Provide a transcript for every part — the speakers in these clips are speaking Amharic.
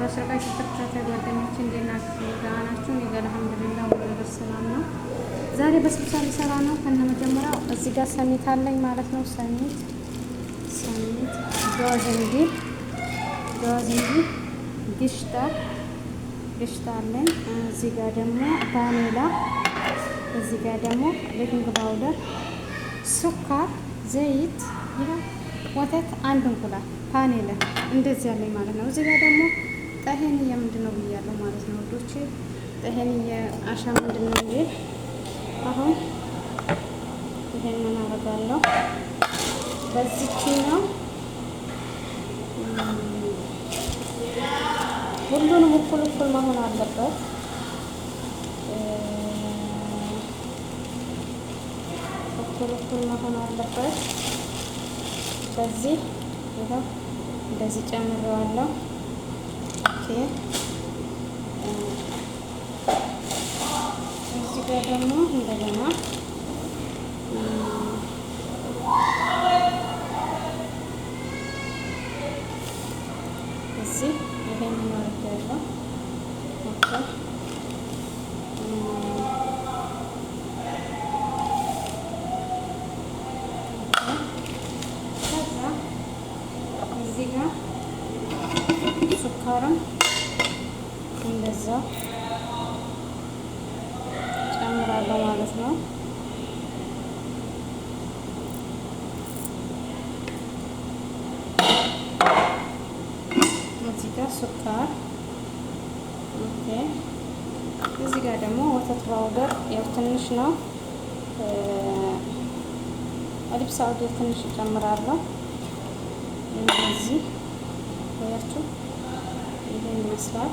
ተወሰላችሁ ተከታታይ ጓደኞች እንዴት ደህና ናችሁ? እኔ ጋር አልሐምዱሊላህ ወለበር ሰላም ነው። ዛሬ በስብሳ ሊሰራ ነው። ከነ መጀመሪያው እዚህ ጋር ሰሚት አለኝ ማለት ነው። ሰሚት ሰሚት፣ ዶዝንጊል ዶዝንጊል፣ ግሽጣ ግሽጣ አለኝ። እዚህ ጋር ደግሞ ቫኒላ፣ እዚህ ጋር ደግሞ ቤኪንግ ፓውደር፣ ሱካር፣ ዘይት፣ ወተት፣ አንድ እንቁላል ፓኔለ እንደዚህ ያለኝ ማለት ነው። እዚህ ጋር ደግሞ ጠሄንዬ ምንድን ነው ብያለሁ ማለት ነው ወዶቼ። ጠሄንዬ አሻ ምንድን ነው ብዬ አሁን ይሄንን አደርጋለሁ። በዚች ነው ሁሉንም እኩል እኩል መሆን አለበት። እኩል እኩል መሆን አለበት። በዚህ ይኸው እንደዚህ አለው? እዚህ ጋር ደግሞ እንደገና ጨምራለሁ ማለት ነው። እዚህ ጋር ሱካር እዚህ ጋር ደግሞ ወተት ባውደር ያው ትንሽ ነው። አዲስ አበባ ትንሽ እጨምራለሁ። እንደዚህ ወያችሁ ይሄን ይመስላል።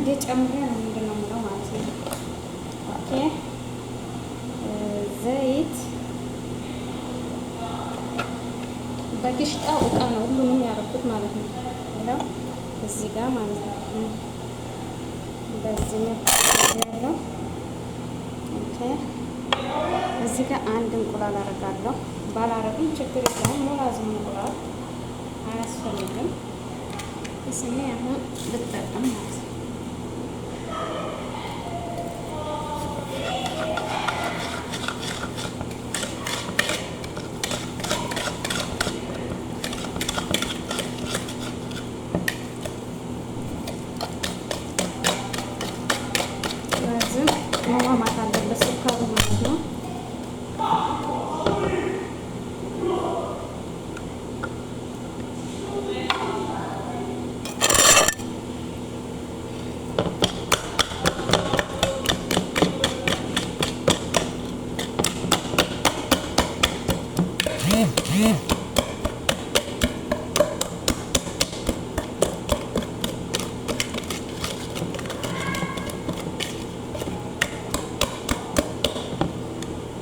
እንዴ ጨምሬ ነው ምንድን ነው የምለው ማለት ነው። ኦኬ ዘይት በግሽጣ እቃ ነው ሁሉንም ማለት ነው። እዚህ ጋር ማለት ነው። በዚህ ያለው ኦኬ። እዚህ ጋር አንድ እንቁላል አደርጋለሁ። ባላረግም ችግር የለውም። ሞላዝም እንቁላል አያስፈልግም። አሁን ልጠቀም ማለት ነው።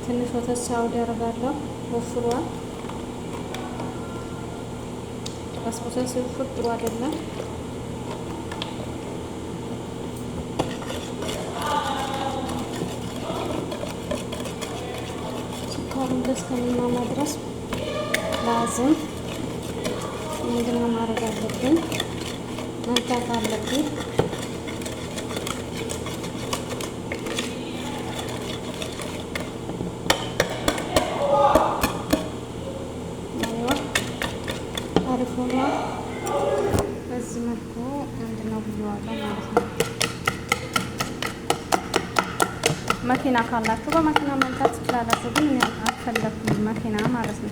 ትንሽ ወተት ሳውዲ አደርጋለሁ። ወፍሯል። ራስ ወተት ሲወፍር ጥሩ አይደለም። ስኳሩን ደስ ከሚማማ ድረስ ላዝም ምንድን ማድረግ አለብኝ መምታት አለብኝ። ካላችሁ በመኪና መንዳት ትችላላችሁ። ግን አልፈለኩም መኪና ማለት ነው።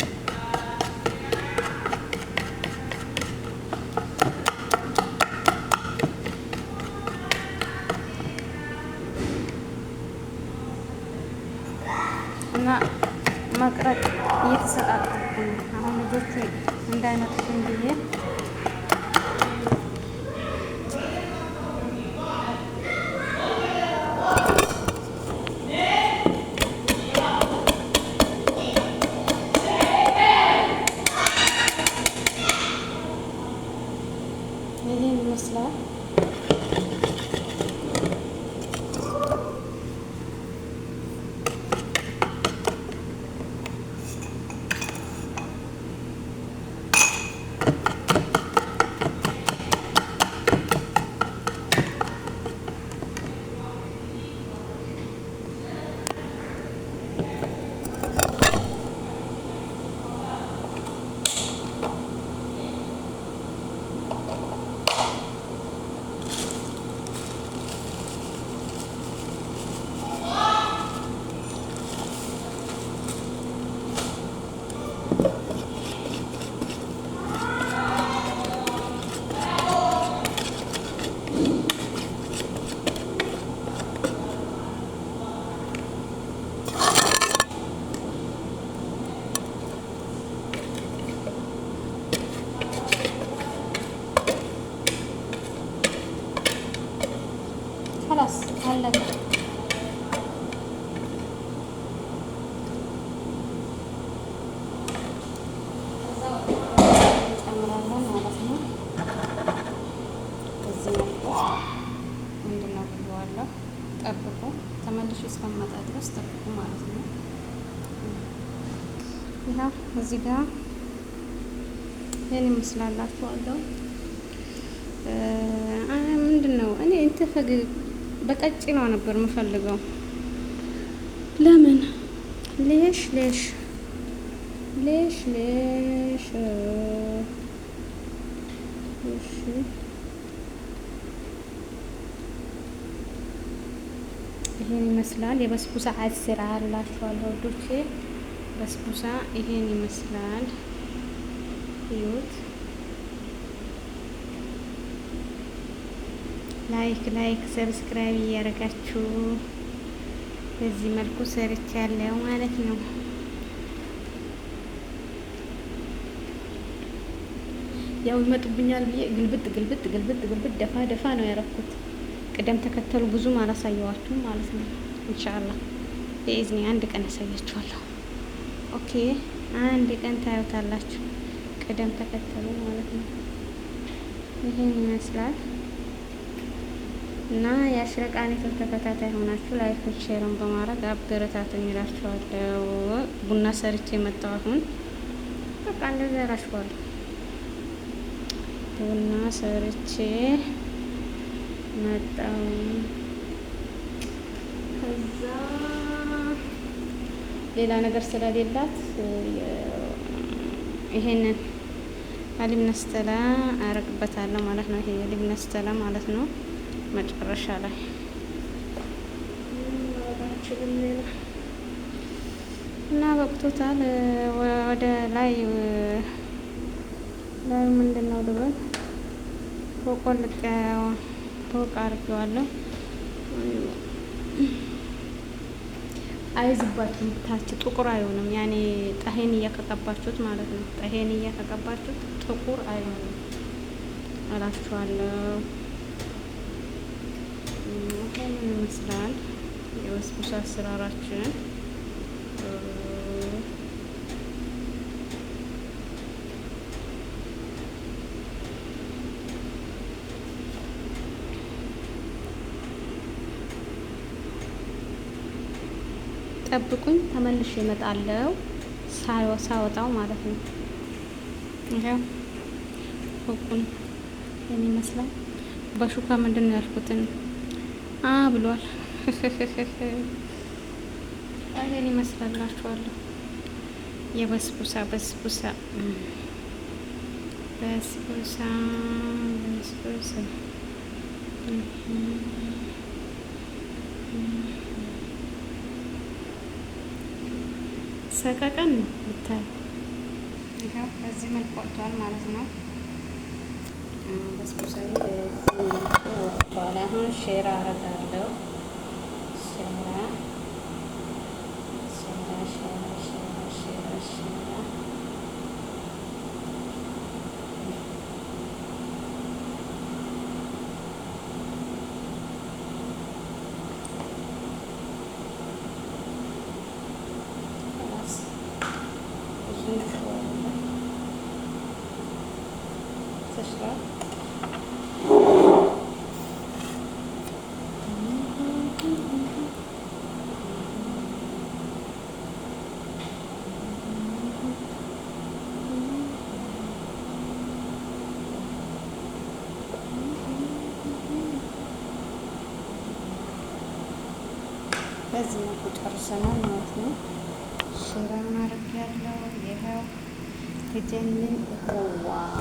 እንችላለን። ጠብቁ ተመልሼ እስከመጣ ድረስ ጠብቁ ማለት ነው። ይኸው እዚህ ጋ ይህን ይመስላላችኋለሁ። ምንድን ነው እኔ እንትን ፈግ በቀጭኗ ነበር የምፈልገው። ለምን ሌሽ ሌሽ ሌሽ ሌሽ ይሄን ይመስላል። የበስቡሳ አስር አላችኋለሁ ዶቼ በስቡሳ ይሄን ይመስላል። እዩት። ላይክ ላይክ ሰብስክራይብ እያደረጋችሁ በዚህ መልኩ ሰርች ያለው ማለት ነው። ያው ይመጡብኛል ብዬ ግልብጥ ግልብጥ ግልብጥ ግልብጥ ደፋ ደፋ ነው ያደረኩት። ቅደም ተከተሉ ብዙም አላሳየዋችሁም ማለት ነው። ኢንሻአላህ በኢዝኒ አንድ ቀን አሳያችኋለሁ። ኦኬ አንድ ቀን ታዩታላችሁ ቅደም ተከተሉ ማለት ነው። ይሄን ይመስላል። እና የአሽረቃኔቶች ተከታታይ ሆናችሁ ላይክን ሼርን በማድረግ አበረታቱኝ እላችኋለሁ። ቡና ሰርቼ የመጣሁ አሁን በቃ እንደዚያ እላችኋለሁ። ቡና ሰርቼ መጣሁ። ከዛ ሌላ ነገር ስለሌላት ይሄንን አሊብነስተላ አረግበታለሁ ማለት ነው። ይሄ አሊብነስተላ ማለት ነው። መጨረሻ ላይ እና በቅቶታል። ወደ ላይ ላይ ምንድን ነው ልበል ፎቆልቅ ፎቅ አድርጌዋለሁ። አይዝባችሁም፣ ታች ጥቁር አይሆንም። ያኔ ጠሄን እያከቀባችሁት ማለት ነው። ጠሄን እያከቀባችሁት ጥቁር አይሆንም እላችኋለሁ። ይህንን ይመስላል የበስቡሳ አሰራራችን። ጠብቁኝ ተመልሼ እመጣለሁ፣ ሳወጣው ማለት ነው። ይኸው ፎቁን የሚመስለው በሹካ ምንድን ነው ያልኩትን አ ብሏል። ይሄን ይመስላላችኋለሁ። የበስቡሳ በስቡሳ በስቡሳ በስቡሳ ሰቀቀን ነው ብታይ፣ በዚህ መልክ ወጥቷል ማለት ነው። በስብሳይ በኋላ አሁን ሼር አረጋለሁ። ሼራ ሼራ ሼራ ሼራ ሼራ ሼራ Thank you. በዚህ መልኩ ጨርሰናል ማለት ነው። ሽራ ማድረግ ያለው ይኸው ትጀንን ዋው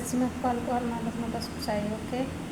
इसमें कॉल करना मैं बस चाहिए ओके